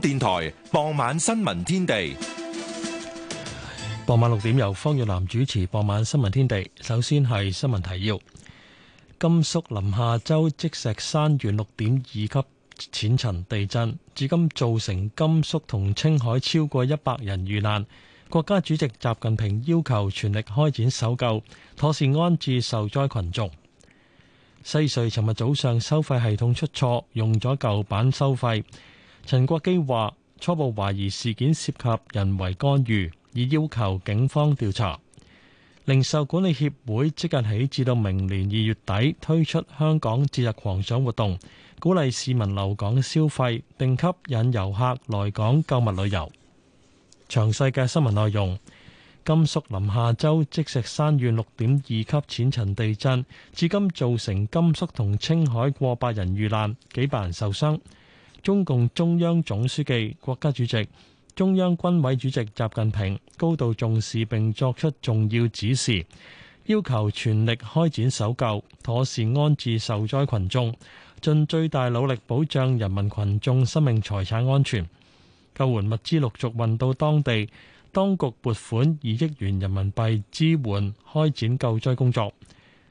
電台傍晚新聞天地，傍晚六點由方玉南主持。傍晚新聞天地，首先係新聞提要：甘肅臨夏州積石山縣六點二級淺層地震，至今造成甘肅同青海超過一百人遇難。國家主席習近平要求全力開展搜救，妥善安置受災羣眾。西隧尋日早上收費系統出錯，用咗舊版收費。陳國基話：初步懷疑事件涉及人為干預，已要求警方調查。零售管理協會即日起至到明年二月底推出香港節日狂想活動，鼓勵市民留港消費，並吸引遊客來港購物旅遊。詳細嘅新聞內容：甘肅臨夏州積石山縣六點二級淺層地震，至今造成甘肅同青海過百人遇難，幾百人受傷。中共中央總書記、國家主席、中央軍委主席習近平高度重視，並作出重要指示，要求全力開展搜救、妥善安置受災群眾，盡最大努力保障人民群眾生命財產安全。救援物資陸續運到當地，當局撥款二億元人民幣支援開展救災工作。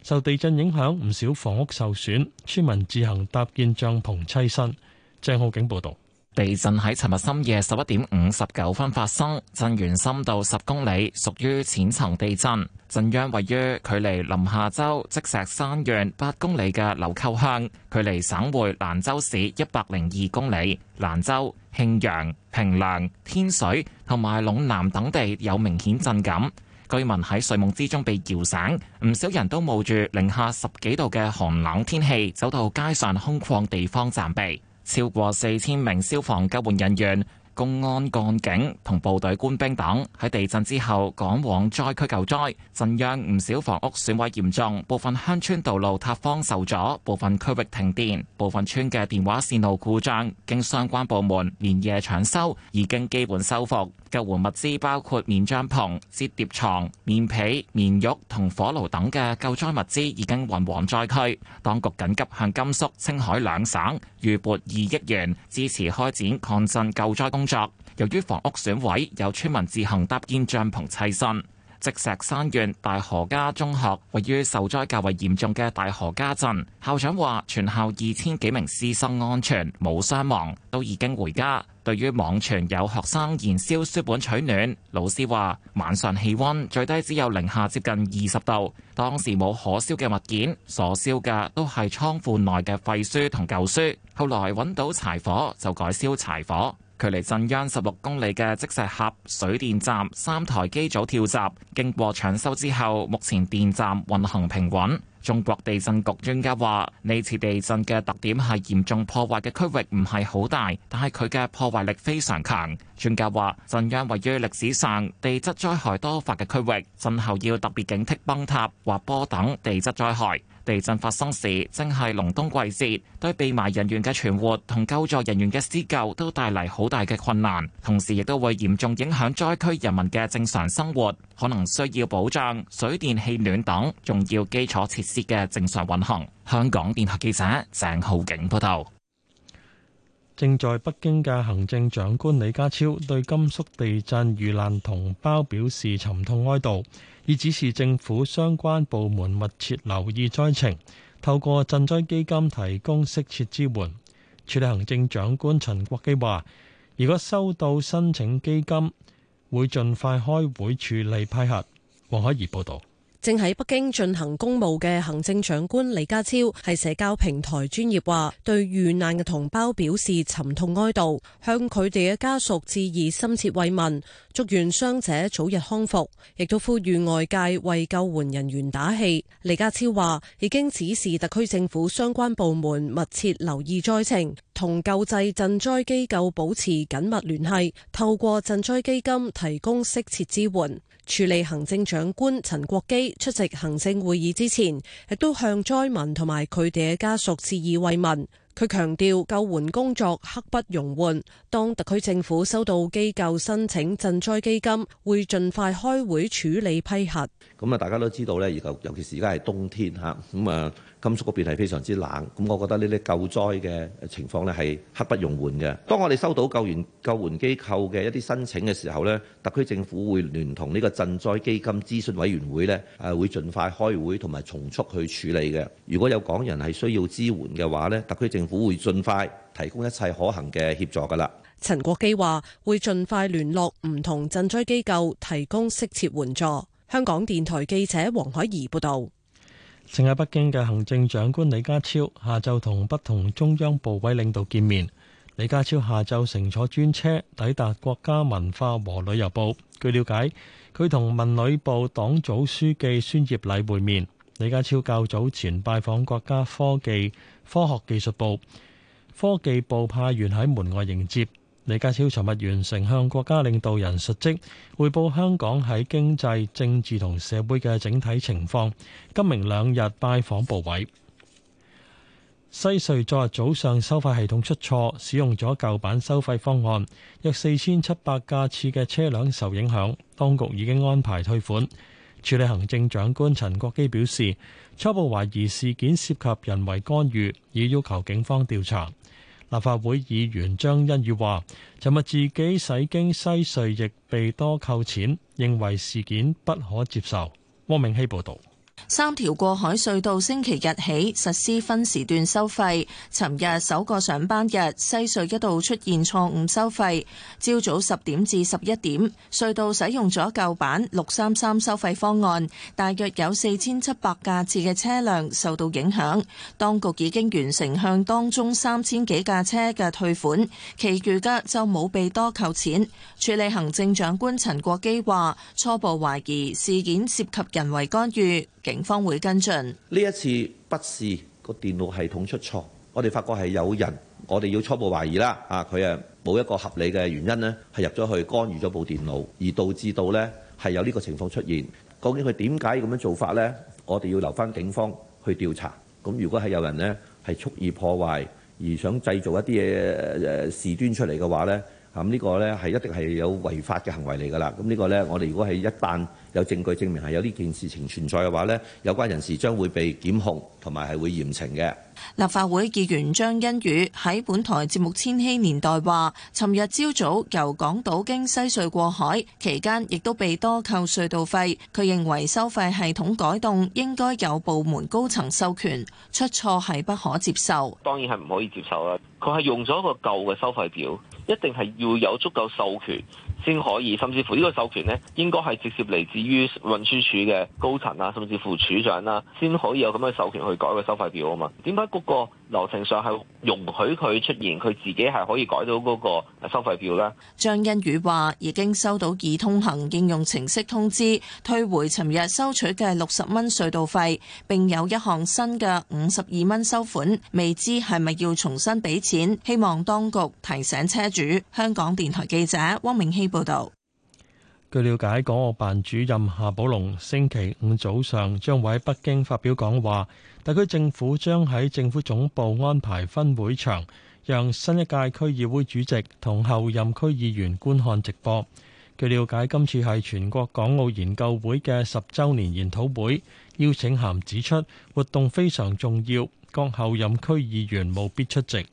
受地震影響，唔少房屋受損，村民自行搭建帳篷棲身。鄭浩景報道，地震喺尋日深夜十一點五十九分發生，震源深度十公里，屬於淺層地震。震央位於距離臨夏州積石山縣八公里嘅柳溝鄉，距離省會蘭州市一百零二公里。蘭州、慶陽、平涼、天水同埋隴南等地有明顯震感，居民喺睡夢之中被搖醒，唔少人都冒住零下十幾度嘅寒冷天氣，走到街上空曠地方暫避。超過四千名消防救援人員、公安幹警同部隊官兵等喺地震之後趕往災區救災，震央唔少房屋損毀嚴重，部分鄉村道路塌方受阻，部分區域停電，部分村嘅電話線路故障。經相關部門連夜搶修，已經基本修復。救援物資包括棉帳篷、折疊床、棉被、棉褥同火爐等嘅救災物資已經運往災區。當局緊急向甘肅、青海兩省預撥二億元，支持開展抗震救災工作。工作。由於房屋損毀，有村民自行搭建帳篷棲，棲身。積石山縣大河家中學位於受災較為嚴重嘅大河家鎮，校長話全校二千幾名師生安全，冇傷亡，都已經回家。對於網傳有學生燃燒書本取暖，老師話晚上氣温最低只有零下接近二十度，當時冇可燒嘅物件，所燒嘅都係倉庫內嘅廢書同舊書。後來揾到柴火就改燒柴火。距離震央十六公里嘅積石峽水電站三台機組跳閘，經過搶修之後，目前電站運行平穩。中國地震局專家話，呢次地震嘅特點係嚴重破壞嘅區域唔係好大，但係佢嘅破壞力非常強。專家話，震央位於歷史上地質災害多發嘅區域，震後要特別警惕崩塌、滑坡等地質災害。地震發生時，正係隆冬季節，對被埋人員嘅存活同救助人員嘅施救都帶嚟好大嘅困難，同時亦都會嚴重影響災區人民嘅正常生活，可能需要保障水電氣暖等重要基礎設施嘅正常運行。香港電台記者鄭浩景報道。正在北京嘅行政長官李家超對甘肅地震遇難同胞表示沉痛哀悼，已指示政府相關部門密切留意災情，透過賑災基金提供適切支援。署理行政長官陳國基話，如果收到申請基金，會盡快開會處理批核。黃海怡報道。正喺北京進行公務嘅行政長官李家超係社交平台專業話，對遇難嘅同胞表示沉痛哀悼，向佢哋嘅家屬致以深切慰問，祝願傷者早日康復。亦都呼籲外界為救援人員打氣。李家超話，已經指示特區政府相關部門密切留意災情，同救濟賑災機構保持緊密聯繫，透過賑災基金提供適切支援。處理行政長官陳國基出席行政會議之前，亦都向災民同埋佢哋嘅家屬致以慰問。佢強調救援工作刻不容緩。當特區政府收到機構申請賑災基金，會盡快開會處理批核。咁啊，大家都知道咧，而尤其是而家係冬天吓，咁啊。甘肅嗰邊係非常之冷，咁我覺得呢啲救災嘅情況咧，係刻不容緩嘅。當我哋收到救援救援機構嘅一啲申請嘅時候咧，特區政府會聯同呢個賑災基金諮詢委員會咧，誒會盡快開會，同埋從速去處理嘅。如果有港人係需要支援嘅話咧，特區政府會盡快提供一切可行嘅協助噶啦。陳國基話會盡快聯絡唔同賑災機構提供適切援助。香港電台記者黃海怡報道。正喺北京嘅行政長官李家超下晝同不同中央部委領導見面。李家超下晝乘坐專車抵達國家文化和旅遊部。據了解，佢同文旅部黨組書記孫業禮會面。李家超較早前拜訪國家科技科學技術部，科技部派員喺門外迎接。李家超尋日完成向國家領導人述職，彙報香港喺經濟、政治同社會嘅整體情況。今明兩日拜訪部委。西隧昨日早上收費系統出錯，使用咗舊版收費方案，約四千七百架次嘅車輛受影響。當局已經安排退款。處理行政長官陳國基表示，初步懷疑事件涉及人為干預，已要求警方調查。立法會議員張欣宇話，尋日自己駛經西隧亦被多扣錢，認為事件不可接受。汪明熙報導。三條過海隧道星期日起實施分時段收費。尋日首個上班日，西隧一度出現錯誤收費。朝早十點至十一點，隧道使用咗舊版六三三收費方案，大約有四千七百架次嘅車輛受到影響。當局已經完成向當中三千幾架車嘅退款，其餘家就冇被多扣錢。署理行政長官陳國基話，初步懷疑事件涉及人為干預。警方會跟進呢一次，不是個電腦系統出錯，我哋發覺係有人，我哋要初步懷疑啦。啊，佢啊冇一個合理嘅原因咧，係入咗去干預咗部電腦，而導致到呢係有呢個情況出現。究竟佢點解要咁樣做法呢？我哋要留返警方去調查。咁如果係有人呢係蓄意破壞而想製造一啲嘢，誒，事端出嚟嘅話呢。咁呢個咧係一定係有違法嘅行為嚟㗎啦。咁呢個呢，我哋如果係一旦有證據證明係有呢件事情存在嘅話呢，有關人士將會被檢控，同埋係會嚴懲嘅。立法會議員張欣宇喺本台節目《千禧年代》話，尋日朝早由港島經西隧過海期間，亦都被多扣隧道費。佢認為收費系統改動應該有部門高層授權，出錯係不可接受。當然係唔可以接受啦。佢係用咗一個舊嘅收費表。一定係要有足夠授權先可以，甚至乎呢個授權咧應該係直接嚟自於運輸署嘅高層啊，甚至乎署長啊，先可以有咁嘅授權去改個收費表啊嘛？點解嗰個流程上係容許佢出現，佢自己係可以改到嗰個收費票啦。張欣宇話：已經收到易通行應用程式通知，退回尋日收取嘅六十蚊隧道費，並有一項新嘅五十二蚊收款，未知係咪要重新俾錢。希望當局提醒車主。香港電台記者汪明希報導。據了解，港澳辦主任夏寶龍星期五早上將會喺北京發表講話。特區政府將喺政府總部安排分會場，讓新一屆區議會主席同後任區議員觀看直播。據了解，今次係全國港澳研究會嘅十週年研討會，邀請函指出活動非常重要，各後任區議員務必出席。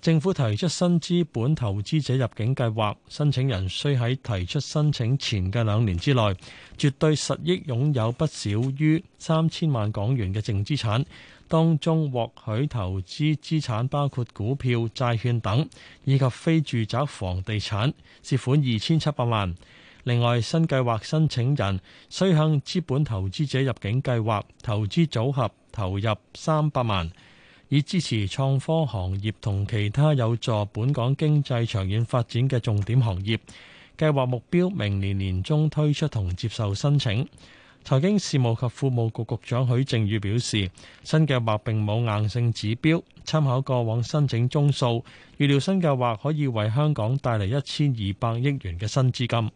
政府提出新資本投資者入境計劃，申請人需喺提出申請前嘅兩年之內，絕對實益擁有不少於三千萬港元嘅淨資產，當中獲許投資資產包括股票、債券等，以及非住宅房地產，涉款二千七百萬。另外，新計劃申請人需向資本投資者入境計劃投資組合投入三百萬。以支持創科行業同其他有助本港經濟長遠發展嘅重點行業，計劃目標明年年中推出同接受申請。財經事務及庫務局局長許正宇表示，新計劃並冇硬性指標，參考過往申請宗數，預料新計劃可以為香港帶嚟一千二百億元嘅新資金。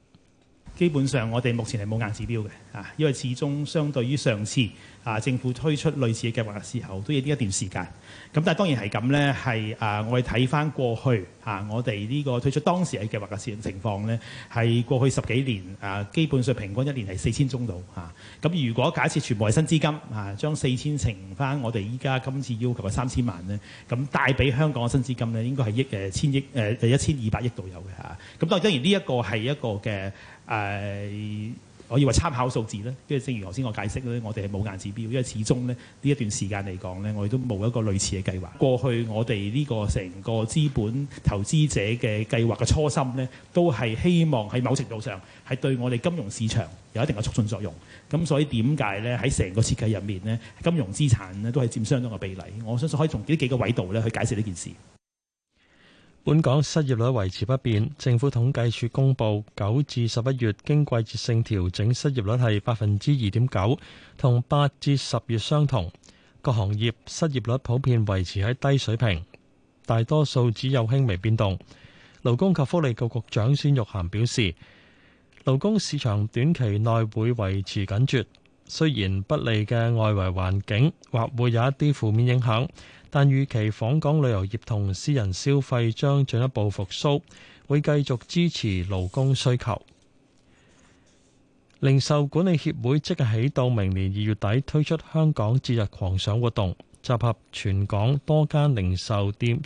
基本上，我哋目前係冇硬指標嘅啊，因為始終相對於上次啊，政府推出類似嘅計劃嘅時候，都要呢一段時間。咁但係當然係咁咧，係誒，我哋睇翻過去嚇、啊，我哋呢個推出當時嘅計劃嘅情情況咧，係過去十幾年誒、啊，基本上平均一年係四千宗度嚇。咁、啊、如果假設全部係新資金嚇，將四千乘翻我哋依家今次要求嘅三千萬咧，咁帶俾香港嘅新資金咧，應該係億誒千億誒一千二百億度有嘅嚇。咁、啊啊、當然呢一個係一個嘅誒。啊我以為參考數字咧，跟住正如頭先我解釋咧，我哋係冇硬指標，因為始終咧呢一段時間嚟講咧，我哋都冇一個類似嘅計劃。過去我哋呢個成個資本投資者嘅計劃嘅初心咧，都係希望喺某程度上係對我哋金融市場有一定嘅促進作用。咁所以點解呢？喺成個設計入面咧，金融資產咧都係佔相當嘅比例。我相信可以從呢幾，幾個維度咧去解釋呢件事。本港失業率維持不變，政府統計處公布九至十一月經季節性調整失業率係百分之二點九，同八至十月相同。各行業失業率普遍維持喺低水平，大多數只有輕微變動。勞工及福利局局長孫玉菡表示，勞工市場短期內會維持緊絀，雖然不利嘅外圍環境或會有一啲負面影響。但預期訪港旅遊業同私人消費將進一步復甦，會繼續支持勞工需求。零售管理協會即日起到明年二月底推出香港節日狂想活動，集合全港多間零售店、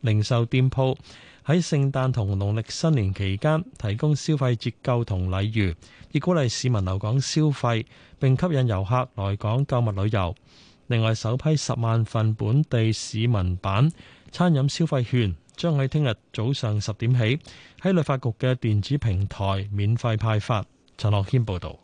零售店鋪喺聖誕同農曆新年期間提供消費折扣同禮遇，亦鼓勵市民留港消費並吸引遊客來港購物旅遊。另外，首批十萬份本地市民版餐飲消費券將喺聽日早上十點起喺旅發局嘅電子平台免費派發。陳樂謙報道。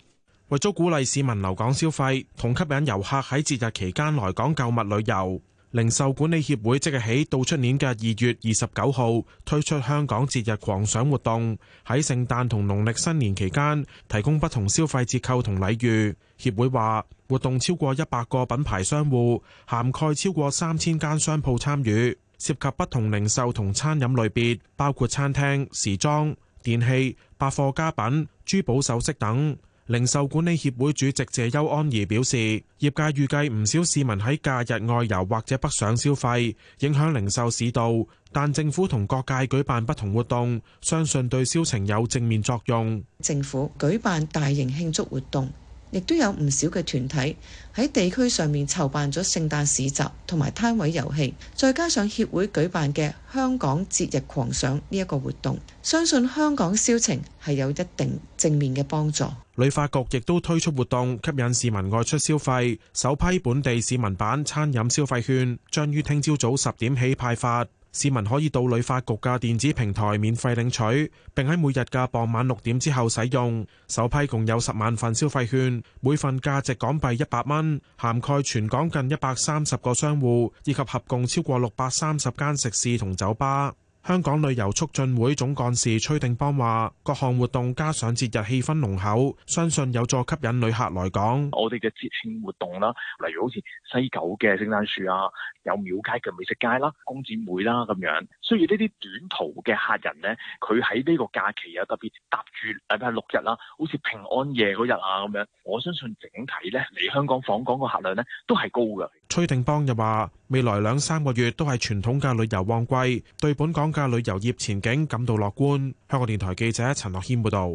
為咗鼓勵市民留港消費同吸引遊客喺節日期間來港購物旅遊，零售管理協會即日起到出年嘅二月二十九號推出香港節日狂想活動，喺聖誕同農曆新年期間提供不同消費折扣同禮遇。協會話，活動超過一百個品牌商戶，涵蓋超過三千間商鋪參與，涉及不同零售同餐飲類別，包括餐廳、時裝、電器、百貨家品、珠寶首飾等。零售管理協會主席謝邱安安表示，業界預計唔少市民喺假日外遊或者北上消費，影響零售市道，但政府同各界舉辦不同活動，相信對銷情有正面作用。政府舉辦大型慶祝活動，亦都有唔少嘅團體喺地區上面籌辦咗聖誕市集同埋攤位遊戲，再加上協會舉辦嘅香港節日狂想呢一個活動，相信香港銷情係有一定正面嘅幫助。旅發局亦都推出活動吸引市民外出消費，首批本地市民版餐飲消費券將於聽朝早十點起派發。市民可以到旅發局嘅電子平台免費領取，並喺每日嘅傍晚六點之後使用。首批共有十萬份消費券，每份價值港幣一百蚊，涵蓋全港近一百三十個商戶，以及合共超過六百三十間食肆同酒吧。香港旅遊促進會總幹事崔定邦話，各項活動加上節日氣氛濃厚，相信有助吸引旅客來港。我哋嘅節慶活動啦，例如好似西九嘅聖誕樹啊，有廟街嘅美食街啦，工展會啦咁樣。所以呢啲短途嘅客人呢，佢喺呢個假期又特別搭住禮拜六日啦，好似平安夜嗰日啊咁樣，我相信整體呢，嚟香港訪港嘅客量呢都係高嘅。崔定邦又話未來兩三個月都係傳統嘅旅遊旺季，對本港嘅旅遊業前景感到樂觀。香港電台記者陳樂謙報道。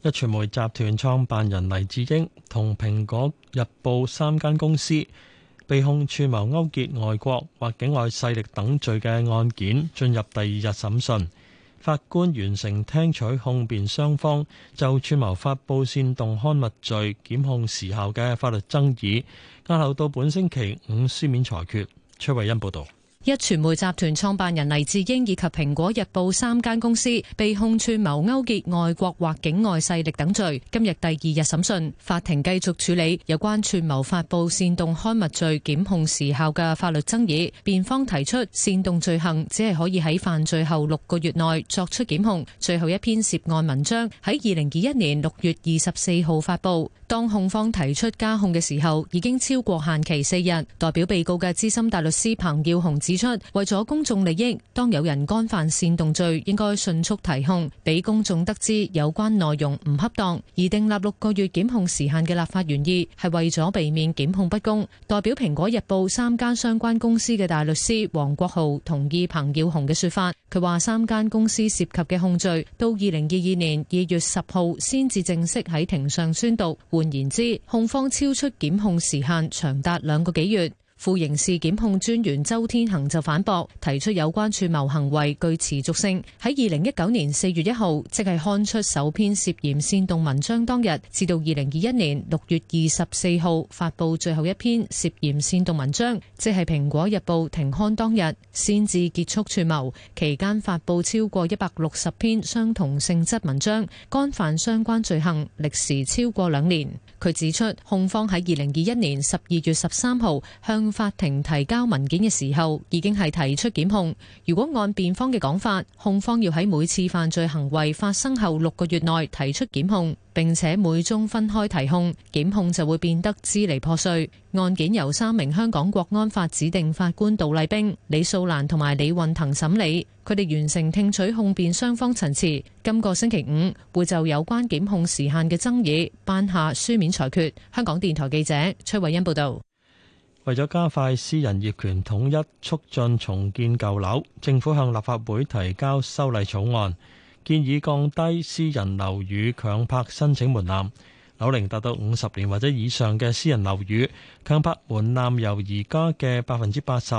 一傳媒集團創辦人黎智英同《蘋果日報》三間公司，被控串謀勾結外國或境外勢力等罪嘅案件進入第二日審訊，法官完成聽取控辯雙方就串謀發布煽動刊物罪檢控時效嘅法律爭議，押後到本星期五書面裁決。崔慧欣報道。，一傳媒集團創辦人黎智英以及蘋果日報三間公司被控串謀勾結外國或境外勢力等罪，今日第二日審訊，法庭繼續處理有關串謀發佈煽動刊物罪檢控時效嘅法律爭議。辯方提出煽動罪行只係可以喺犯罪後六個月內作出檢控，最後一篇涉案文章喺二零二一年六月二十四號發佈。當控方提出加控嘅時候，已經超過限期四日。代表被告嘅資深大律師彭耀雄指。指出，為咗公眾利益，當有人干犯煽動罪，應該迅速提控，俾公眾得知有關內容唔恰當。而訂立六個月檢控時限嘅立法原意，係為咗避免檢控不公。代表蘋果日報三間相關公司嘅大律師王國浩同意彭耀雄嘅說法。佢話三間公司涉及嘅控罪，到二零二二年二月十號先至正式喺庭上宣讀。換言之，控方超出檢控時限長達兩個幾月。副刑事檢控專員周天恒就反駁，提出有關串謀行為具持續性，喺二零一九年四月一號，即係刊出首篇涉嫌煽動文章當日，至到二零二一年六月二十四號發布最後一篇涉嫌煽動文章，即係《蘋果日報》停刊當日，先至結束串謀。期間發布超過一百六十篇相同性質文章，干犯相關罪行，歷時超過兩年。佢指出，控方喺二零二一年十二月十三號向法庭提交文件嘅時候，已經係提出檢控。如果按辯方嘅講法，控方要喺每次犯罪行為發生後六個月內提出檢控，並且每宗分開提控，檢控就會變得支離破碎。案件由三名香港國安法指定法官杜麗冰、李素蘭同埋李運騰審理，佢哋完成聽取控辯雙方陳詞。今個星期五會就有關檢控時限嘅爭議頒下書面裁決。香港電台記者崔慧欣報道。為咗加快私人業權統一，促進重建舊樓，政府向立法會提交修例草案，建議降低私人樓宇強拍申請門檻。樓齡達到五十年或者以上嘅私人樓宇，強拍門檻由而家嘅百分之八十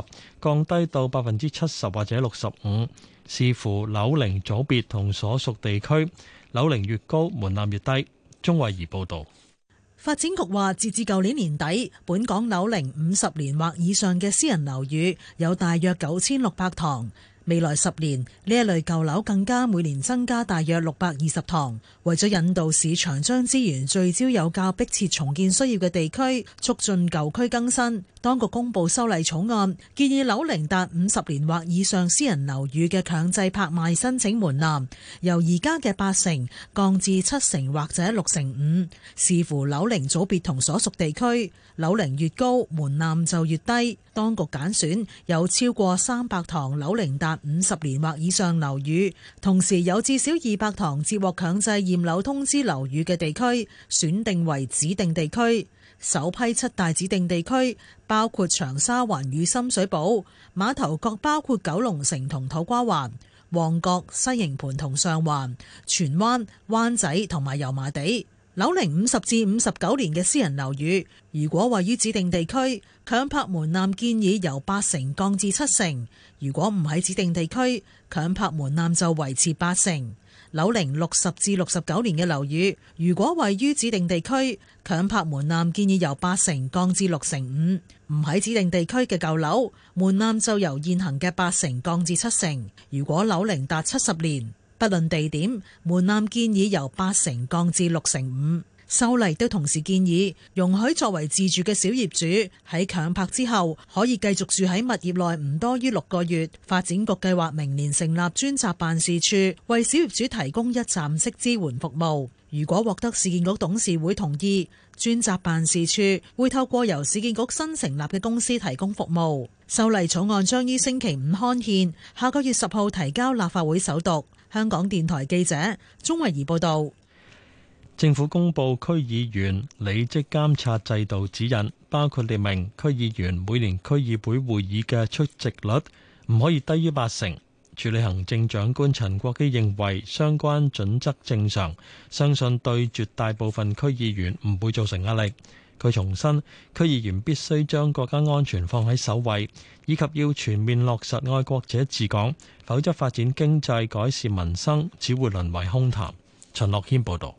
降低到百分之七十或者六十五，視乎樓齡組別同所屬地區。樓齡越高，門檻越低。鍾慧儀報導。發展局話，截至舊年年底，本港樓齡五十年或以上嘅私人樓宇有大約九千六百幢。未來十年，呢一類舊樓更加每年增加大約六百二十幢。為咗引導市場將資源聚焦有較迫切重建需要嘅地區，促進舊區更新，當局公布修例草案，建議樓齡達五十年或以上私人樓宇嘅強制拍賣申請門檻，由而家嘅八成降至七成或者六成五，視乎樓齡組別同所屬地區，樓齡越高，門檻就越低。當局揀選有超過三百幢樓齡達五十年或以上樓宇，同時有至少二百幢接獲強制驗樓通知樓宇嘅地區，選定為指定地區。首批七大指定地區包括長沙灣與深水埗、馬頭角，包括九龍城同土瓜灣、旺角、西營盤同上環、荃灣、灣仔同埋油麻地。樓齡五十至五十九年嘅私人樓宇，如果位於指定地區，強拍門檻建議由八成降至七成；如果唔喺指定地區，強拍門檻就維持八成。樓齡六十至六十九年嘅樓宇，如果位於指定地區，強拍門檻建議由八成降至六成五；唔喺指定地區嘅舊樓，門檻就由現行嘅八成降至七成。如果樓齡達七十年，不論地點，門檻建議由八成降至六成五。修例都同時建議容許作為自住嘅小業主喺強拍之後可以繼續住喺物業內，唔多於六個月。發展局計劃明年成立專責辦事處，為小業主提供一站式支援服務。如果獲得市建局董事會同意，專責辦事處會透過由市建局新成立嘅公司提供服務。修例草案將於星期五刊憲，下個月十號提交立法會首讀。香港電台記者鍾慧怡報道。政府公布區議員履職監察制度指引，包括列明區議員每年區議會會議嘅出席率唔可以低於八成。處理行政長官陳國基認為，相關準則正常，相信對絕大部分區議員唔會造成壓力。佢重申，區議員必須將國家安全放喺首位，以及要全面落實愛國者治港，否則發展經濟改善民生，只會淪為空談，陳樂謙報道。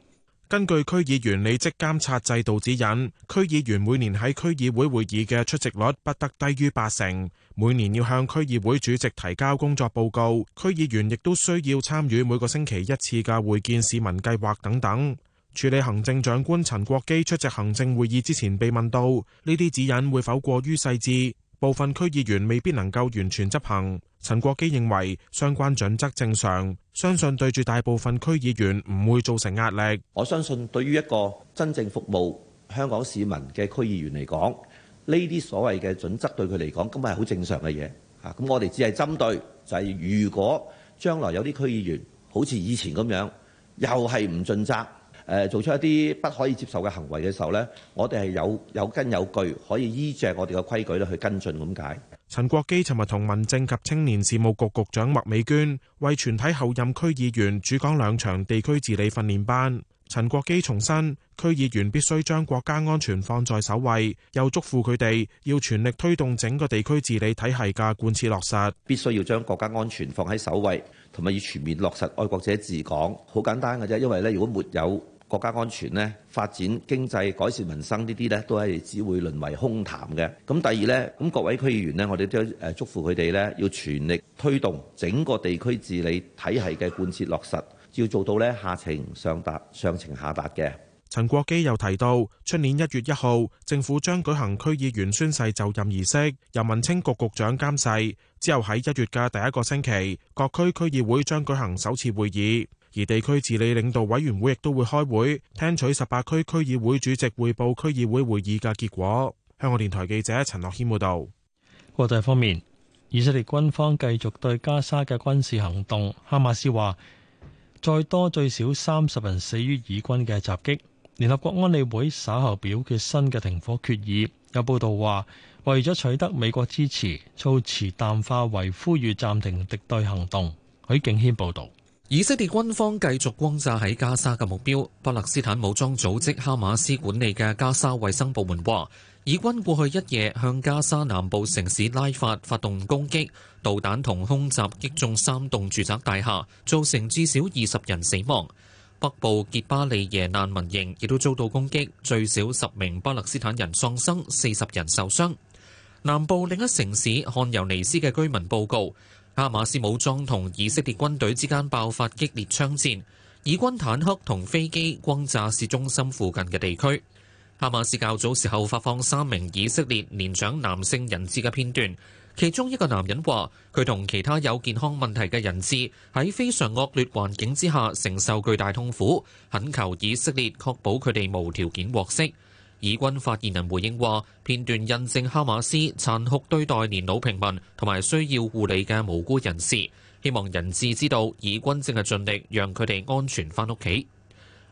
根據區議員履職監察制度指引，區議員每年喺區議會會議嘅出席率不得低於八成，每年要向區議會主席提交工作報告，區議員亦都需要參與每個星期一次嘅會見市民計劃等等。處理行政長官陳國基出席行政會議之前，被問到呢啲指引會否過於細緻，部分區議員未必能夠完全執行。陳國基認為相關準則正常，相信對住大部分區議員唔會造成壓力。我相信對於一個真正服務香港市民嘅區議員嚟講，呢啲所謂嘅準則對佢嚟講根本係好正常嘅嘢。啊，咁我哋只係針對就係如果將來有啲區議員好似以前咁樣又係唔盡責。誒做出一啲不可以接受嘅行為嘅時候呢，我哋係有有根有據可以依照我哋嘅規矩去跟進咁解。陳國基尋日同民政及青年事務局局，局長麥美娟為全體候任區議員主講兩場地區治理訓練班。陳國基重申，區議員必須將國家安全放在首位，又囑咐佢哋要全力推動整個地區治理體系嘅貫徹落實，必須要將國家安全放喺首位，同埋要全面落實愛國者治港，好簡單嘅啫，因為呢，如果沒有國家安全咧、發展經濟、改善民生呢啲呢，都係只會淪為空談嘅。咁第二呢，咁各位區議員呢，我哋都誒祝福佢哋呢，要全力推動整個地區治理體系嘅貫徹落實，要做到呢，下情上達、上情下達嘅。陳國基又提到，出年一月一號，政府將舉行區議員宣誓就任儀式，由民青局局長監誓。之後喺一月嘅第一個星期，各區區議會將舉行首次會議。而地區治理領導委員會亦都會開會，聽取十八區區議會主席匯報區議會會議嘅結果。香港電台記者陳樂謙報導。國際方面，以色列軍方繼續對加沙嘅軍事行動。哈馬斯話，再多最少三十人死於以軍嘅襲擊。聯合國安理會稍後表決新嘅停火決議。有報道話，為咗取得美國支持，措辭淡化為呼籲暫停敵對行動。許敬軒報導。以色列軍方繼續轟炸喺加沙嘅目標。巴勒斯坦武裝組織哈馬斯管理嘅加沙衛生部門話，以軍過去一夜向加沙南部城市拉法發，發動攻擊，導彈同空襲擊中三棟住宅大廈，造成至少二十人死亡。北部傑巴利耶難民營亦都遭到攻擊，最少十名巴勒斯坦人喪生，四十人受傷。南部另一城市漢尤尼斯嘅居民報告。哈馬斯武裝同以色列軍隊之間爆發激烈槍戰，以軍坦克同飛機轟炸市中心附近嘅地區。哈馬斯較早時候發放三名以色列年長男性人質嘅片段，其中一個男人話：佢同其他有健康問題嘅人質喺非常惡劣環境之下承受巨大痛苦，懇求以色列確保佢哋無條件獲釋。以軍發言人回應話：片段印證哈馬斯殘酷對待年老平民同埋需要護理嘅無辜人士，希望人質知道以軍正係盡力讓佢哋安全翻屋企。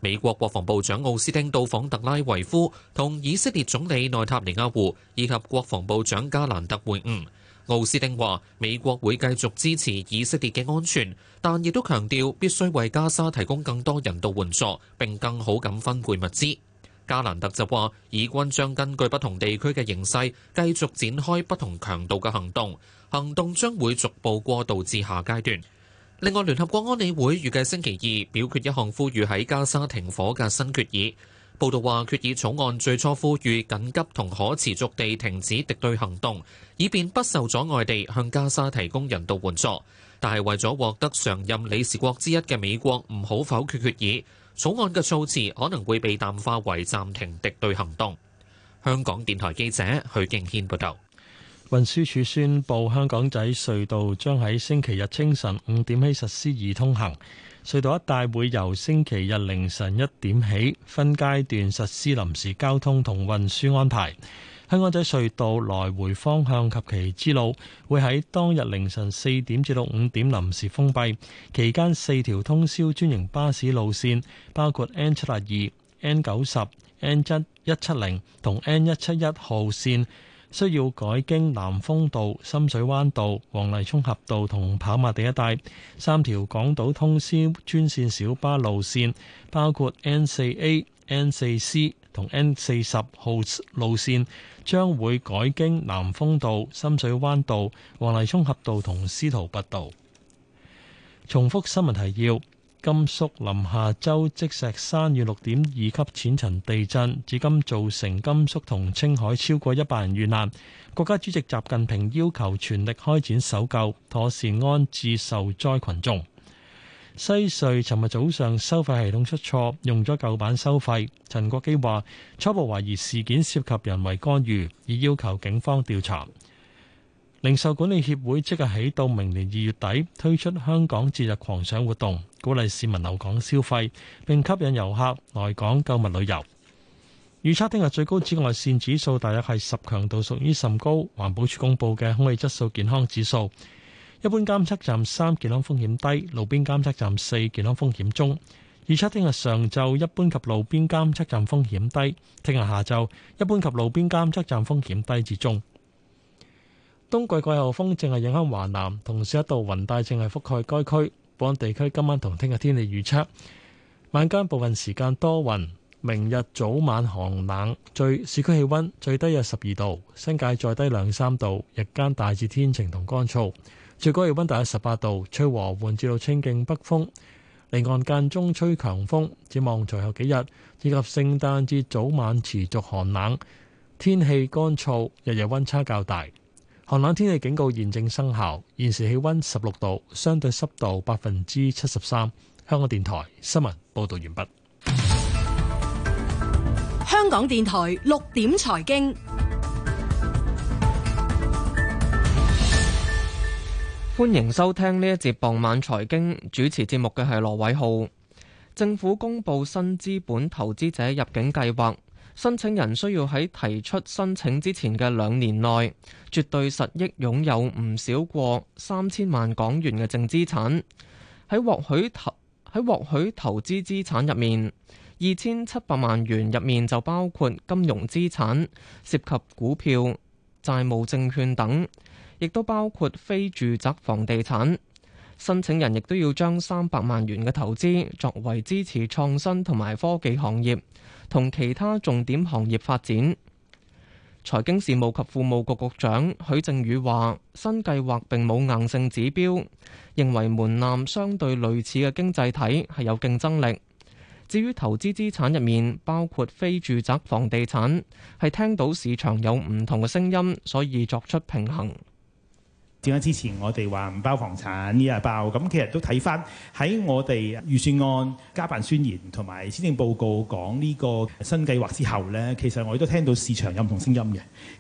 美國國防部長奧斯汀到訪特拉維夫，同以色列總理內塔尼亞胡以及國防部長加蘭特會晤。奧斯汀話：美國會繼續支持以色列嘅安全，但亦都強調必須為加沙提供更多人道援助，並更好咁分配物資。加蘭特就話，以軍將根據不同地區嘅形勢，繼續展開不同強度嘅行動，行動將會逐步過渡至下階段。另外，聯合國安理會預計星期二表決一項呼籲喺加沙停火嘅新決議。報道話，決議草案最初呼籲緊急同可持續地停止敵對行動，以便不受阻礙地向加沙提供人道援助，但係為咗獲得常任理事國之一嘅美國唔好否決決議。草案嘅措辭可能會被淡化為暫停敵對行動。香港電台記者許敬軒報導。運輸署宣布，香港仔隧道將喺星期日清晨五點起實施易通行。隧道一帶會由星期日凌晨一點起分階段實施臨時交通同運輸安排。香港仔隧道來回方向及其支路會喺當日凌晨四點至到五點臨時封閉，期間四條通宵專營巴士路線，包括 N 七十二、N 九十、N 一七零同 N 一七一號線，需要改經南風道、深水灣道、黃泥涌峽道同跑馬地一帶；三條港島通宵專線小巴路線，包括 N 四 A、N 四 C。同 N 四十號路線將會改經南風道、深水灣道、黃泥涌峽道同司徒拔道。重複新聞提要：甘肅臨夏州積石山遇六點二級淺層地震，至今造成甘肅同青海超過一百人遇難。國家主席習近平要求全力開展搜救，妥善安置受災群眾。西隧尋日早上收費系統出錯，用咗舊版收費。陳國基話初步懷疑事件涉及人為干預，已要求警方調查。零售管理協會即日起到明年二月底推出香港節日狂想活動，鼓勵市民留港消費，並吸引遊客來港購物旅遊。預測聽日最高紫外線指數大約係十強度，屬於甚高。環保署公布嘅空氣質素健康指數。一般監測站三，健康風險低，路邊監測站四，健康風險中。預測聽日上晝一般及路邊監測站風險低，聽日下晝一般及路邊監測站風險低至中。冬季季候風正係影響華南，同時一度雲帶正係覆蓋該區。本港地區今晚同聽日天氣預測，晚間部分時間多雲，明日早晚寒冷，最市區氣温最低有十二度，新界再低兩三度。日間大致天晴同乾燥。最高氣溫大約十八度，吹和緩至到清勁北風，離岸間中吹強風。展望隨後幾日以及聖誕節早晚持續寒冷，天氣乾燥，日日溫差較大。寒冷天氣警告現正生效，現時氣溫十六度，相對濕度百分之七十三。香港電台新聞報道完畢。香港電台六點財經。歡迎收聽呢一節傍晚財經，主持節目嘅係羅偉浩。政府公布新資本投資者入境計劃，申請人需要喺提出申請之前嘅兩年內，絕對實益擁有唔少過三千萬港元嘅淨資產。喺獲許投喺獲許投資資產入面，二千七百萬元入面就包括金融資產，涉及股票、債務證券等。亦都包括非住宅房地產申請人，亦都要將三百萬元嘅投資作為支持創新同埋科技行業同其他重點行業發展。財經事務及庫務局局長許正宇話：新計劃並冇硬性指標，認為門檻相對類似嘅經濟體係有競爭力。至於投資資產入面包括非住宅房地產，係聽到市場有唔同嘅聲音，所以作出平衡。點解之前我哋話唔包房產，依家包咁？其實都睇翻喺我哋預算案、加辦宣言同埋施政報告講呢個新計劃之後呢，其實我亦都聽到市場有唔同聲音嘅。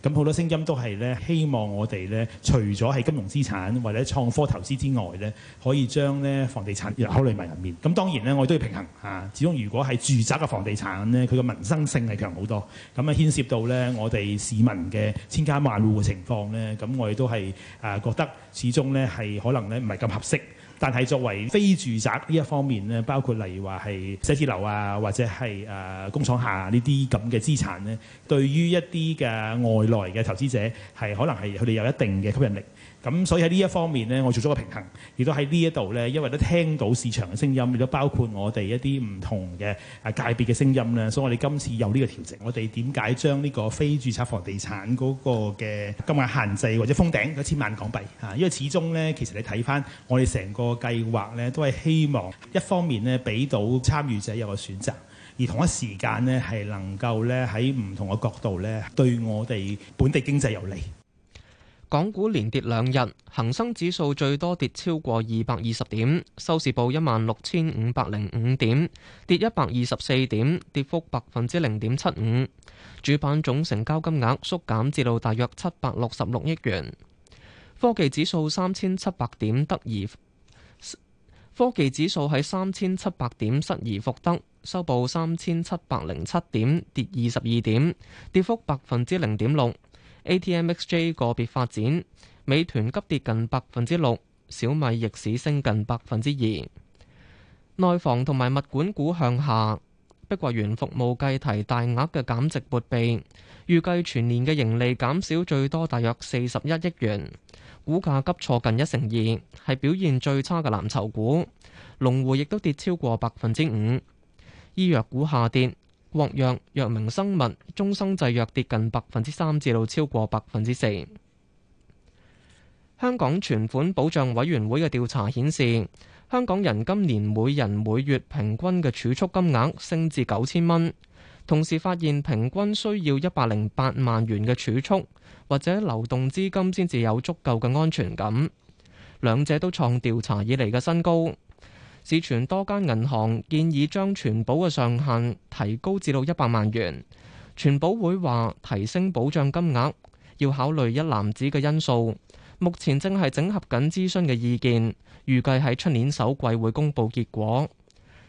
咁好多聲音都係咧，希望我哋咧，除咗係金融資產或者創科投資之外咧，可以將咧房地產考慮埋入面。咁當然呢，我哋都要平衡吓。始終如果係住宅嘅房地產呢，佢嘅民生性係強好多。咁啊，牽涉到咧我哋市民嘅千家萬戶嘅情況呢，咁我哋都係誒。覺得始終咧係可能咧唔係咁合適，但係作為非住宅呢一方面咧，包括例如話係寫字樓啊，或者係誒工廠下呢啲咁嘅資產咧，對於一啲嘅外來嘅投資者，係可能係佢哋有一定嘅吸引力。咁所以喺呢一方面呢，我做咗個平衡，亦都喺呢一度呢，因為都聽到市場嘅聲音，亦都包括我哋一啲唔同嘅、啊、界別嘅聲音咧，所以我哋今次有呢個調整。我哋點解將呢個非注冊房地產嗰個嘅金額限制或者封頂一千萬港幣啊？因為始終呢，其實你睇翻我哋成個計劃呢，都係希望一方面呢，俾到參與者有個選擇，而同一時間呢，係能夠呢，喺唔同嘅角度呢，對我哋本地經濟有利。港股連跌兩日，恒生指數最多跌超過二百二十點，收市報一萬六千五百零五點，跌一百二十四點，跌幅百分之零點七五。主板總成交金額縮，縮減至到大約七百六十六億元。科技指數三千七百點得而，科技指數喺三千七百點失而復得，收報三千七百零七點，跌二十二點，跌幅百分之零點六。ATMXJ 個別發展，美團急跌近百分之六，小米逆市升近百分之二。內房同埋物管股向下，碧桂園服務計提大額嘅減值撥備，預計全年嘅盈利減少最多大約四十一億元，股價急挫近一成二，係表現最差嘅藍籌股。龍湖亦都跌超過百分之五，醫藥股下跌。國藥、藥明生物、中生製藥跌近百分之三，至到超過百分之四。香港存款保障委員會嘅調查顯示，香港人今年每人每月平均嘅儲蓄金額升至九千蚊，同時發現平均需要一百零八萬元嘅儲蓄或者流動資金先至有足夠嘅安全感，兩者都創調查以嚟嘅新高。市存多間銀行建議將存保嘅上限提高至到一百萬元。存保會話提升保障金額要考慮一籃子嘅因素，目前正係整合緊諮詢嘅意見，預計喺出年首季會公布結果。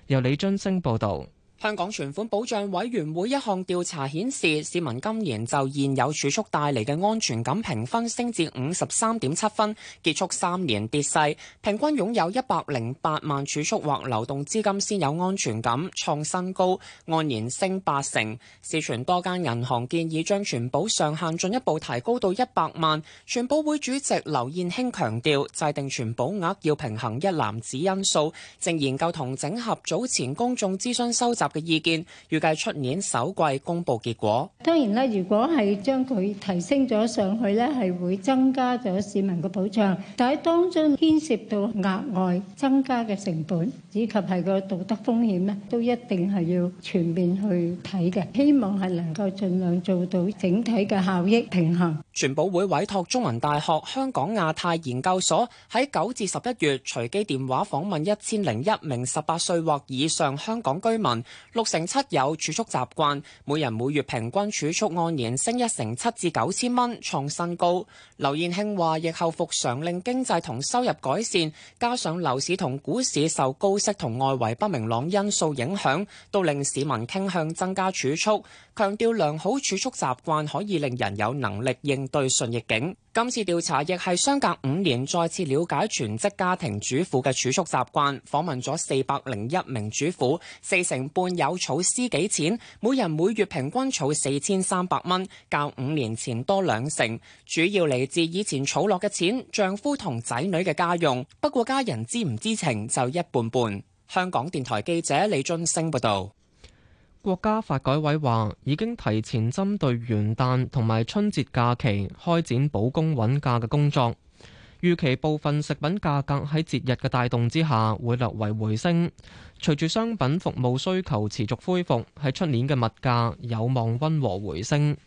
由李津升報道。香港存款保障委員會一項調查顯示，市民今年就現有儲蓄帶嚟嘅安全感評分升至五十三點七分，結束三年跌勢。平均擁有一百零八萬儲蓄或流動資金先有安全感，創新高，按年升八成。市存多間銀行建議將存保上限進一步提高到一百萬。存保會主席劉燕卿強調，制定存保額要平衡一籃子因素，正研究同整合早前公眾諮詢收集。嘅意見，預計出年首季公布結果。當然咧，如果係將佢提升咗上去咧，係會增加咗市民嘅保障。但喺當中牽涉到額外增加嘅成本，以及係個道德風險咧，都一定係要全面去睇嘅。希望係能夠盡量做到整體嘅效益平衡。全保會委託中文大學香港亞太研究所喺九至十一月隨機電話訪問一千零一名十八歲或以上香港居民。六成七有儲蓄習慣，每人每月平均儲蓄按年升一成七至九千蚊，創新高。劉燕慶話：疫後復常令經濟同收入改善，加上樓市同股市受高息同外圍不明朗因素影響，都令市民傾向增加儲蓄。強調良好儲蓄習慣可以令人有能力應對順逆境。今次調查亦係相隔五年再次了解全職家庭主婦嘅儲蓄習慣，訪問咗四百零一名主婦，四成半有儲私己錢，每人每月平均儲四千三百蚊，較五年前多兩成，主要嚟自以前儲落嘅錢、丈夫同仔女嘅家用。不過家人知唔知情就一半半。香港電台記者李津升報道。國家發改委話，已經提前針對元旦同埋春節假期開展保供穩價嘅工作。預期部分食品價格喺節日嘅帶動之下會略為回升。隨住商品服務需求持續恢復，喺出年嘅物價有望溫和回升。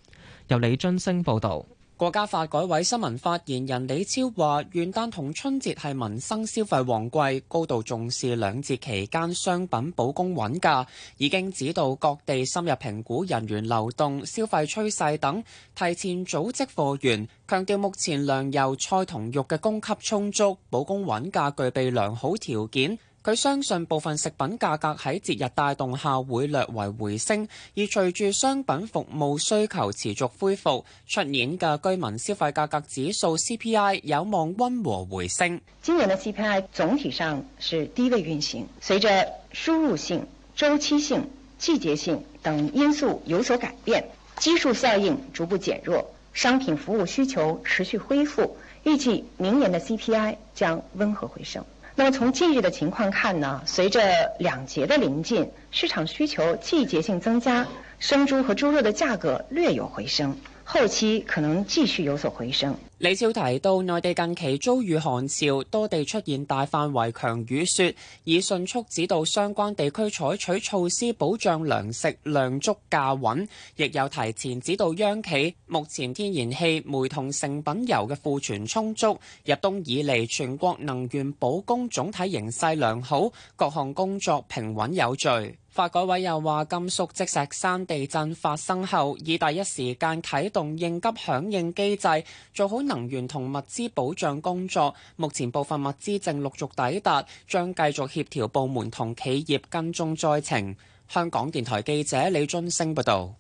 由李津升報道。國家發改委新聞發言人李超話，元旦同春節係民生消費旺季，高度重視兩節期間商品保供穩價，已經指導各地深入評估人員流動、消費趨勢等，提前組織貨源，強調目前糧油、菜同肉嘅供給充足，保供穩價具備良好條件。佢相信部分食品價格喺節日帶動下會略為回升，而隨住商品服務需求持續恢復，出年嘅居民消費價格指數 CPI 有望溫和回升。今年的 CPI 總體上是低位運行，隨着輸入性、周期性、季節性等因素有所改變，基數效應逐步減弱，商品服務需求持續恢復，預計明年的 CPI 將溫和回升。那麼從近日的情況看呢，隨着兩節的臨近，市場需求季節性增加，生豬和豬肉的價格略有回升。後期可能繼續有所回升。李超提到，內地近期遭遇寒潮，多地出現大範圍強雨雪，已迅速指導相關地區採取措施保障糧食量足價穩，亦有提前指導央企。目前天然氣煤同成品油嘅庫存充足，入冬以嚟全國能源保供總體形勢良好，各項工作平穩有序。發改委又話，甘肅積石山地震發生後，已第一時間啟動應急響應機制，做好能源同物資保障工作。目前部分物資正陸續抵達，將繼續協調部門同企業跟蹤災情。香港電台記者李俊升報導。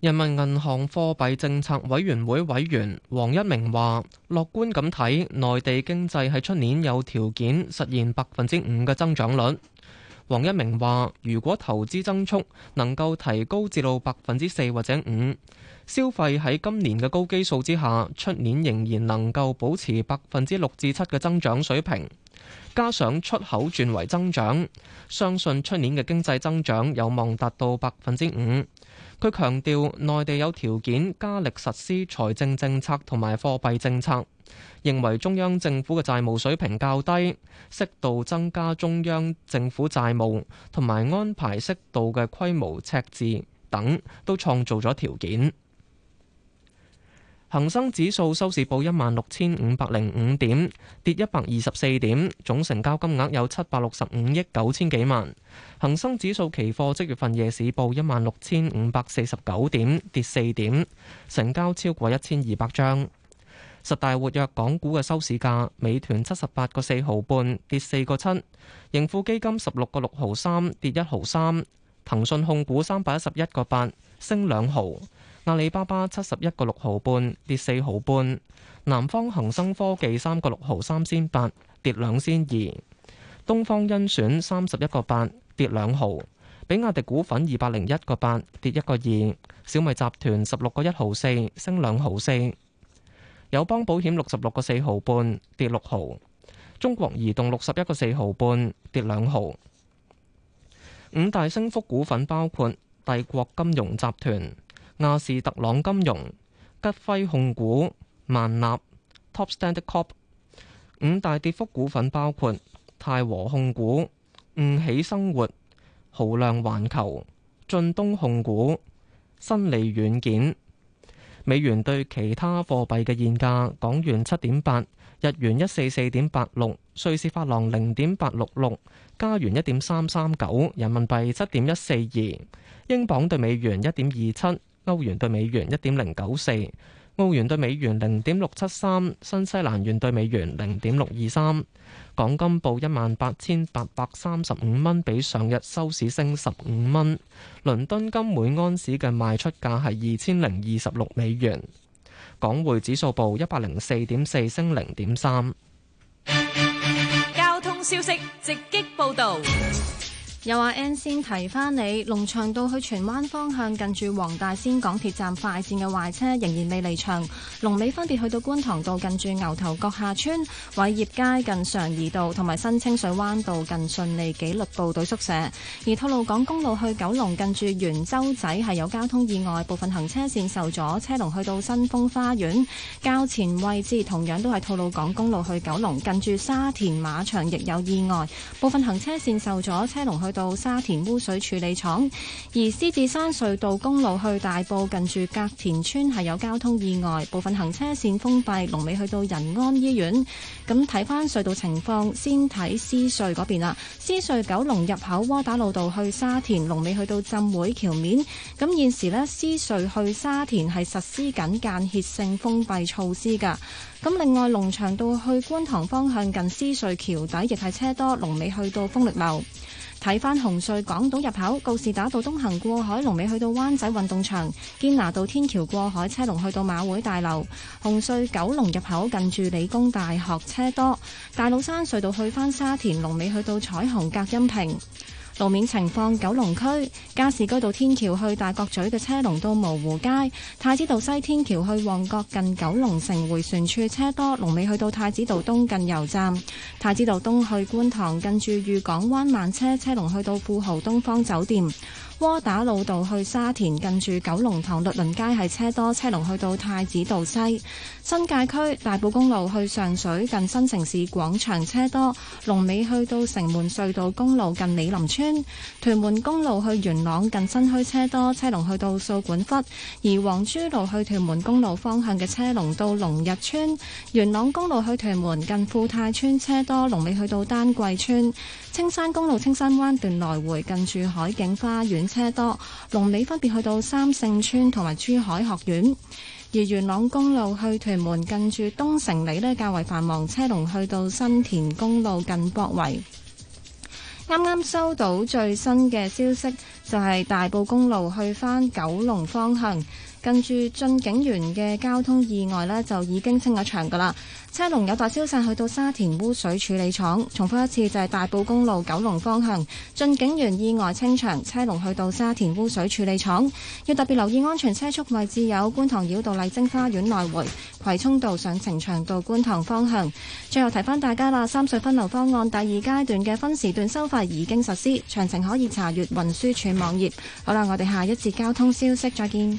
人民銀行貨幣政策委員會委員黃一明話，樂觀咁睇，內地經濟喺出年有條件實現百分之五嘅增長率。黃一鳴話：如果投資增速能夠提高至到百分之四或者五，消費喺今年嘅高基數之下，出年仍然能夠保持百分之六至七嘅增長水平。加上出口轉為增長，相信出年嘅經濟增長有望達到百分之五。佢強調內地有條件加力實施財政政策同埋貨幣政策，認為中央政府嘅債務水平較低，適度增加中央政府債務，同埋安排適度嘅規模赤字等，都創造咗條件。恒生指數收市報一萬六千五百零五點，跌一百二十四點，總成交金額有七百六十五億九千幾萬。恒生指數期貨即月份夜市報一萬六千五百四十九點，跌四點，成交超過一千二百張。十大活躍港股嘅收市價，美團七十八個四毫半，跌四個七；盈富基金十六個六毫三，跌一毫三；騰訊控股三百一十一個八，升兩毫。阿里巴巴七十一個六毫半，跌四毫半；南方恒生科技三個六毫三仙八，跌兩仙二；東方甄選三十一個八，跌兩毫；比亞迪股份二百零一個八，跌一個二；小米集團十六個一毫四，升兩毫四；友邦保險六十六個四毫半，跌六毫；中國移動六十一個四毫半，跌兩毫。五大升幅股份包括帝國金融集團。亞視、亞士特朗金融、吉輝控股、萬立、Top Standard Corp。五大跌幅股份包括泰和控股、悟喜生活、豪亮環球、晉東控股、新利軟件。美元對其他貨幣嘅現價：港元七點八，日元一四四點八六，瑞士法郎零點八六六，加元一點三三九，人民幣七點一四二，英鎊對美元一點二七。歐元對美元一點零九四，澳元對美元零點六七三，新西蘭元對美元零點六二三。港金報一萬八千八百三十五蚊，比上日收市升十五蚊。倫敦金每安士嘅賣出價係二千零二十六美元。港匯指數報一百零四點四，升零點三。交通消息直擊，直擊報道。又話 N 先，提翻你。龍翔道去荃灣方向近住黃大仙港鐵站快線嘅壞車仍然未離場。龍尾分別去到觀塘道近住牛頭角下村、偉業街近常怡道同埋新清水灣道近順利紀律部隊宿舍。而吐露港公路去九龍近住元洲仔係有交通意外，部分行車線受阻，車龍去到新豐花園。較前位置同樣都係吐露港公路去九龍近住沙田馬場，亦有意外，部分行車線受阻，車龍去。去到沙田污水處理廠，而獅子山隧道公路去大埔近住隔田村係有交通意外，部分行車線封閉，龍尾去到仁安醫院。咁睇翻隧道情況，先睇獅隧嗰邊啦。獅隧九龍入口窩打老道去沙田，龍尾去到浸會橋面。咁現時咧，獅隧去沙田係實施緊間歇性封閉措施噶。咁另外，龍翔道去觀塘方向近獅隧橋底亦係車多，龍尾去到豐力樓。睇返紅隧港島入口，告士打道東行過海，龍尾去到灣仔運動場；堅拿道天橋過海，車龍去到馬會大樓。紅隧九龍入口近住理工大學，車多；大老山隧道去返沙田，龍尾去到彩虹隔音屏。路面情況：九龍區加士居道天橋去大角咀嘅車龍到蕪湖街；太子道西天橋去旺角近九龍城回旋處車多，龍尾去到太子道東近油站；太子道東去觀塘近住御港灣慢車，車龍去到富豪東方酒店；窩打老道去沙田近住九龍塘律倫街係車，車多，車龍去到太子道西；新界區大埔公路去上水近新城市廣場車多，龍尾去到城門隧道公路近美林村。屯門公路去元朗近新墟車多，車龍去到掃管笏；而黃珠路去屯門公路方向嘅車龍到龍日村。元朗公路去屯門近富泰村車多，龍尾去到丹桂村。青山公路青山灣段來回近住海景花園車多，龍尾分別去到三聖村同埋珠海學院。而元朗公路去屯門近住東城里呢，較為繁忙，車龍去到新田公路近博圍。啱啱收到最新嘅消息，就係大埔公路去返九龍方向。跟住，駿景園嘅交通意外呢，就已經清咗場噶啦，車龍有待消散，去到沙田污水處理廠。重複一次，就係大埔公路九龍方向駿景園意外清場，車龍去到沙田污水處理廠。要特別留意安全車速位置，有觀塘繞道麗晶花園來回葵涌道上呈祥道觀塘方向。最後提翻大家啦，三隧分流方案第二階段嘅分時段收費已經實施，詳情可以查閱運輸署網頁。好啦，我哋下一節交通消息再見。